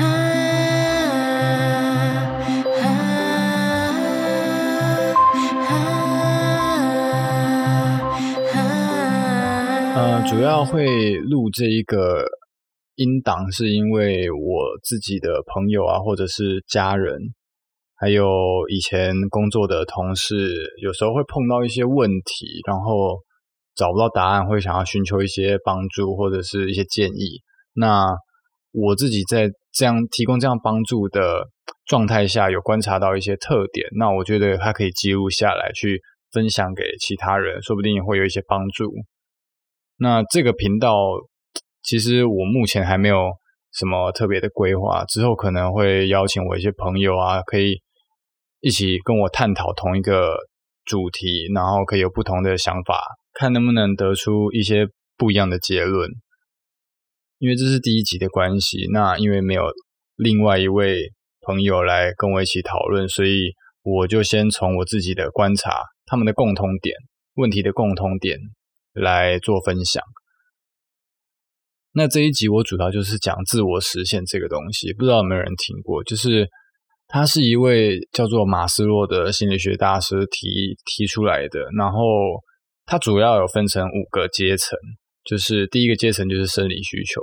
呃、嗯，主要會錄這一個音檔，是因為我自己的朋友啊，或者是家人，還有以前工作的同事，有時候會碰到一些問題，然後找不到答案，會想要尋求一些幫助，或者是一些建議。那我自己在這樣提供這樣幫助的狀態下，有觀察到一些特點，那我覺得他可以記錄下來，去分享給其他人，說不定會有一些幫助。那這個頻道其實我目前還沒有什麼特別的規劃，之後可能會邀請我一些朋友啊，可以一起跟我探討同一個主題，然後可以有不同的想法，看能不能得出一些不一樣的結論。因為這是第一集的關係，那因為沒有另外一位朋友來跟我一起討論，所以我就先從我自己的觀察，他們的共通點、問題的共通點來做分享。那這一集我主要就是講自我實現這個東西，不知道有沒有人聽過？就是他是一位叫做馬斯洛的心理學大師提提出來的，然後他主要有分成五個階層。就是第一個階層就是生理需求，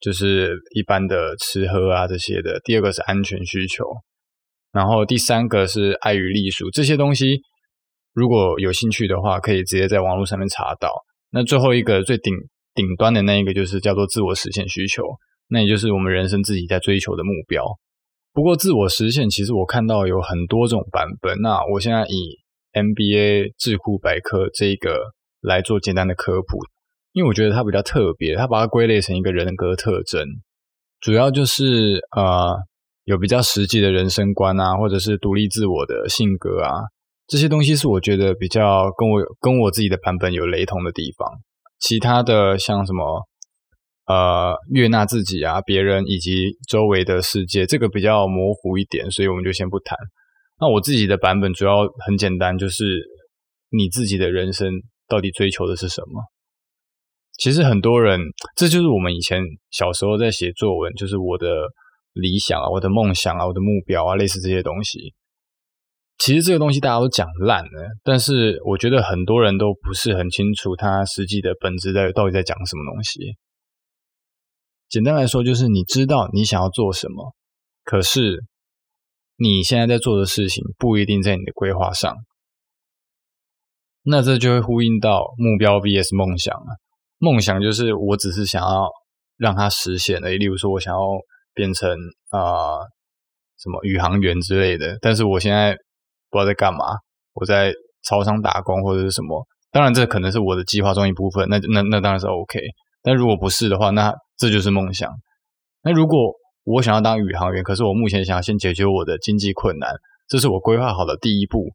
就是一般的吃喝啊這些的。第二個是安全需求，然後第三個是愛與隸屬這些東西。如果有興趣的話，可以直接在網絡上面查到。那最後一個最頂頂端的那一個就是叫做自我實現需求，那也就是我們人生自己在追求的目標。不過自我實現其實我看到有很多種版本。那我現在以 MBA 智庫百科這一個來做簡單的科普。因為我覺得它比較特別，它把它歸類成一個人格特徵，主要就是呃，有比較實際的人生觀啊，或者是獨立自我的性格啊，這些東西是我覺得比較跟我跟我自己的版本有雷同的地方。其他的像什麼呃，悅納自己啊，別人以及周圍的世界，這個比較模糊一點，所以我們就先不談。那我自己的版本主要很簡單，就是你自己的人生到底追求的是什麼？其實很多人，這就是我們以前小時候在寫作文，就是我的理想啊，我的夢想啊，我的目標啊，類似這些東西。其實這個東西大家都講爛了，但是我覺得很多人都不是很清楚它實際的本質在到底在講什麼東西。簡單來說，就是你知道你想要做什麼，可是你現在在做的事情不一定在你的規劃上。那這就會呼應到目標 VS 夢想了。夢想就是我只是想要讓它實現而已，例如說，我想要變成啊、呃、什麼宇航員之類的，但是我現在不知道在幹嘛，我在超商打工或者是什麼。當然，這可能是我的計劃中一部分，那那那當然是 OK。但如果不是的話，那這就是夢想。那如果我想要當宇航員，可是我目前想要先解決我的經濟困難，這是我規劃好的第一步。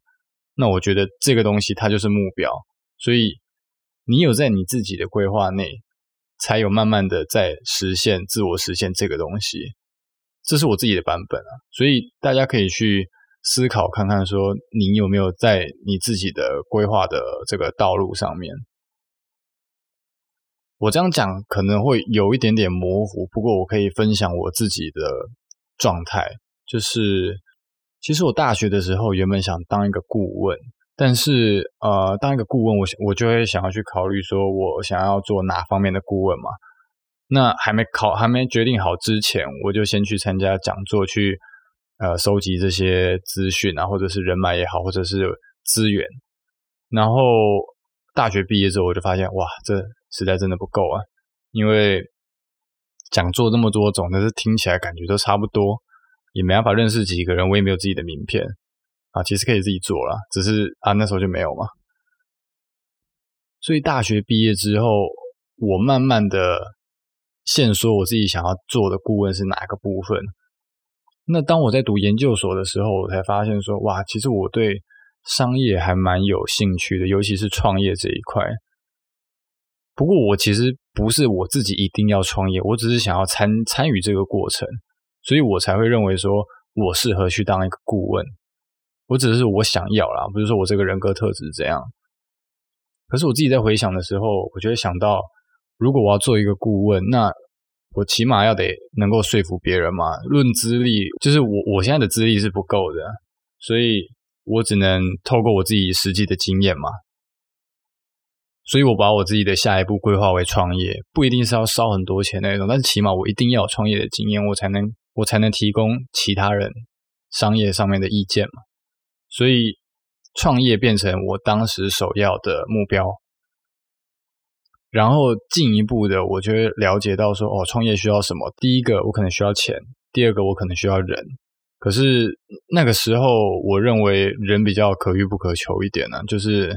那我覺得這個東西它就是目標，所以。你有在你自己的規劃內，才有慢慢的在實現自我實現這個東西，這是我自己的版本啊，所以大家可以去思考看看，說你有沒有在你自己的規劃的這個道路上面。我這樣講可能會有一點點模糊，不過我可以分享我自己的狀態，就是其實我大學的時候原本想當一個顧問。但是，呃，當一個顧問，我我就會想要去考慮，說我想要做哪方面的顧問嘛。那還沒考，還沒決定好之前，我就先去參加講座去，去呃收集這些資訊啊，或者是人脈也好，或者是資源。然後大學畢業之後，我就發現，哇，這實在真的不夠啊，因為講座這麼多種，但是聽起來感覺都差不多，也沒辦法認識幾個人，我也沒有自己的名片。啊，其實可以自己做了，只是啊那時候就沒有嘛。所以大學畢業之後，我慢慢的現說我自己想要做的顧問是哪一個部分。那當我在讀研究所的時候，我才發現說，哇，其實我對商業還蠻有興趣的，尤其是創業這一塊。不過我其實不是我自己一定要創業，我只是想要參參與這個過程，所以我才會認為說我適合去當一個顧問。我只是我想要啦，不是說我這個人格特質怎樣。可是我自己在回想的時候，我就會想到，如果我要做一個顧問，那我起碼要得能夠說服別人嘛。論資歷，就是我我現在的資歷是不夠的，所以我只能透過我自己實際的經驗嘛。所以，我把我自己的下一步規劃為創業，不一定是要燒很多錢那種，但是起碼我一定要有創業的經驗，我才能我才能提供其他人商業上面的意見嘛。所以，創業變成我當時首要的目標。然後進一步的，我就了解到說，哦，創業需要什麼？第一個，我可能需要錢；第二個，我可能需要人。可是那個時候，我認為人比較可遇不可求一點呢、啊，就是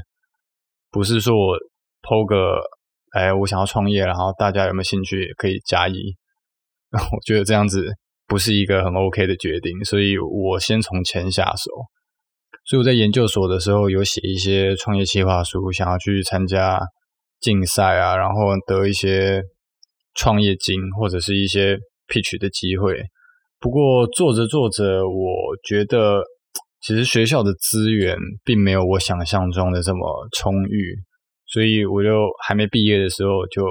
不是說我 PO 個，哎，我想要創業，然後大家有沒有興趣，可以加一。我覺得這樣子不是一個很 OK 的決定，所以我先從錢下手。所以我在研究所的時候有寫一些創業計劃書，想要去參加競賽啊，然後得一些創業金或者是一些 pitch 的機會。不過做着做着，我覺得其實學校的資源並沒有我想象中的這麼充裕，所以我就還沒畢業的時候就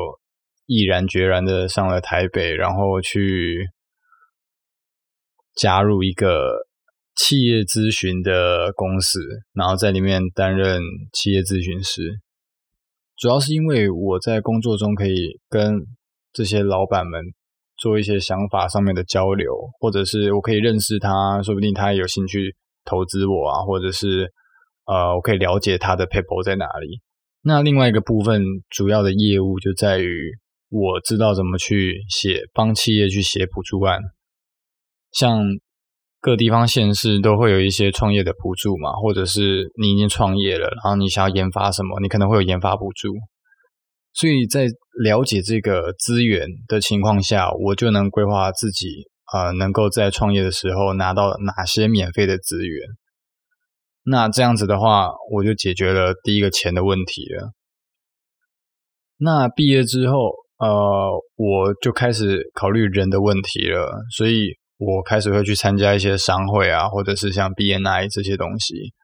毅然決然的上了台北，然後去加入一個。企業諮詢的公司，然後在裡面擔任企業諮詢師，主要是因為我在工作中可以跟這些老闆們做一些想法上面的交流，或者是我可以認識他，說不定他有興趣投資我啊，或者是呃，我可以了解他的 paper 在哪裡。那另外一個部分，主要的業務就在於我知道怎麼去寫，幫企業去寫補助案，像各地方縣市都會有一些創業的補助嘛，或者是你已經創業了，然後你想要研發什麼，你可能會有研發補助。所以在了解這個資源的情況下，我就能規劃自己啊，呃，能夠在創業的時候拿到哪些免費的資源。那這樣子的話，我就解決了第一個錢的問題了。那畢業之後，呃，我就開始考慮人的問題了，所以。我開始會去參加一些商會啊，或者是像 BNI 這些東西。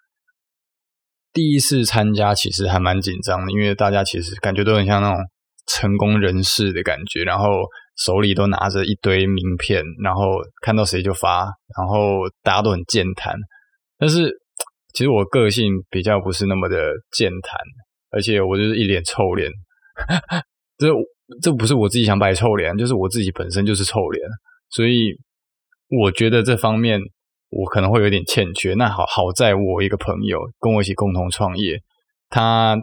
第一次參加其實還蠻緊張的，因為大家其實感覺都很像那種成功人士的感覺，然後手裡都拿着一堆名片，然後看到誰就發，然後大家都很健談。但是其實我個性比較不是那麼的健談，而且我就是一臉臭臉。 這這不是我自己想擺臭臉，就是我自己本身就是臭臉，所以。我覺得這方面我可能會有點欠缺。那好好在我一個朋友跟我一起共同創業，他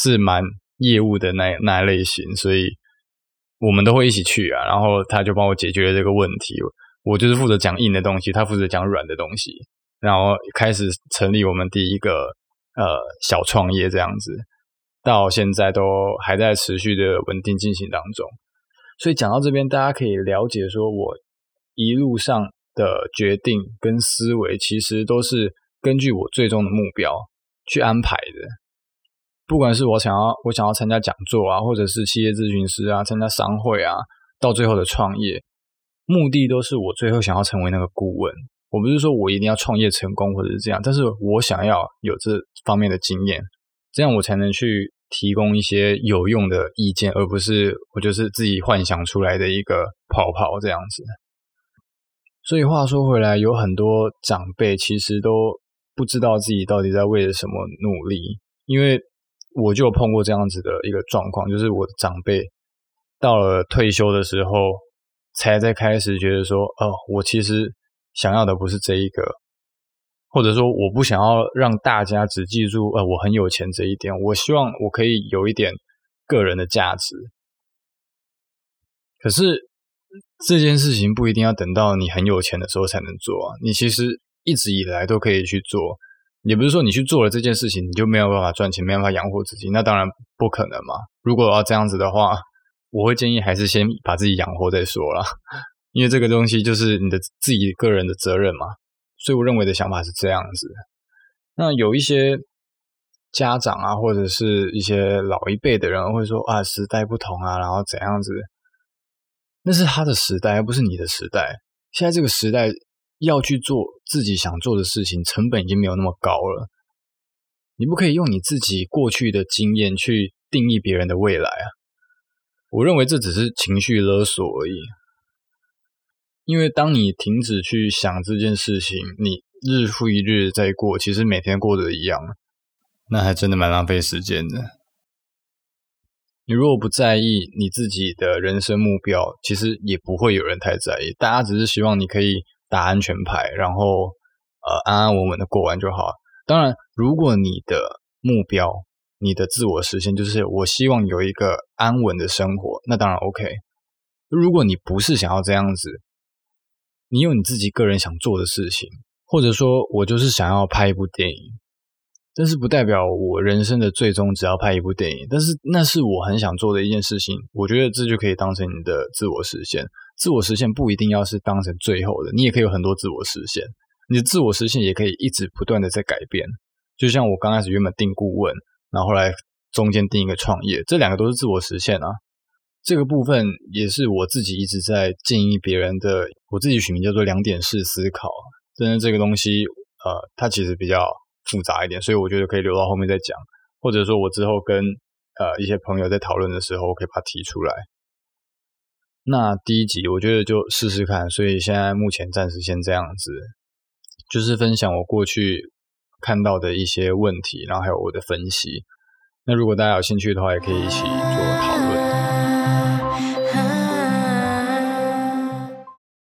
是蠻業務的那那一類型，所以我們都會一起去啊。然後他就幫我解決了這個問題，我就是負責講硬的東西，他負責講軟的東西。然後開始成立我們第一個呃小創業這樣子，到現在都還在持續的穩定進行當中。所以講到這邊，大家可以了解說我。一路上的決定跟思維，其實都是根據我最終的目標去安排的。不管是我想要我想要參加講座啊，或者是企業諮詢師啊，參加商會啊，到最後的創業，目的都是我最後想要成為那個顧問。我不是說我一定要創業成功或者是這樣，但是我想要有這方面的經驗，這樣我才能去提供一些有用的意見，而不是我就是自己幻想出來的一個泡泡這樣子。所以話說回來，有很多長輩其實都不知道自己到底在為了什麼努力，因為我就有碰過這樣子的一個狀況，就是我的長輩到了退休的時候，才在開始覺得說，哦，我其實想要的不是這一個，或者說我不想要讓大家只記住，呃、哦，我很有錢這一點，我希望我可以有一點個人的價值，可是。這件事情不一定要等到你很有錢的時候才能做啊，你其實一直以來都可以去做。也不是說你去做了這件事情，你就沒有辦法賺錢，沒辦法養活自己。那當然不可能嘛。如果要這樣子的話，我會建議還是先把自己養活再說啦，因為這個東西就是你的自己個人的責任嘛。所以我認為的想法是這樣子。那有一些家長啊，或者是一些老一輩的人會說啊，時代不同啊，然後怎樣子。那是他的時代，而不是你的時代。現在這個時代，要去做自己想做的事情，成本已經沒有那麼高了。你不可以用你自己過去的經驗去定義別人的未來啊！我認為這只是情緒勒索而已。因為當你停止去想這件事情，你日復一日在過，其實每天過得一樣，那還真的蠻浪費時間的。你如果不在意你自己的人生目標，其實也不會有人太在意。大家只是希望你可以打安全牌，然後呃安安穩穩的過完就好。當然，如果你的目標、你的自我實現就是我希望有一個安穩的生活，那當然 OK。如果你不是想要這樣子，你有你自己個人想做的事情，或者說我就是想要拍一部電影。.但是不代表我人生的最終只要拍一部電影，但是那是我很想做的一件事情。我覺得這就可以當成你的自我實現。自我實現不一定要是當成最後的，你也可以有很多自我實現。你的自我實現也可以一直不斷地在改變。就像我剛開始原本定顧問，然後，後來中間定一個創業，這兩個都是自我實現啊。這個部分也是我自己一直在建議別人的，我自己取名叫做“兩點式思考”。真的，這個東西，呃，它其實比較。複雜一點，所以我覺得可以留到後面再講，或者說我之後跟呃一些朋友在討論的時候，我可以把它提出來。那第一集我覺得就試試看，所以現在目前暫時先這樣子，就是分享我過去看到的一些問題，然後還有我的分析。那如果大家有興趣的話，也可以一起做討論。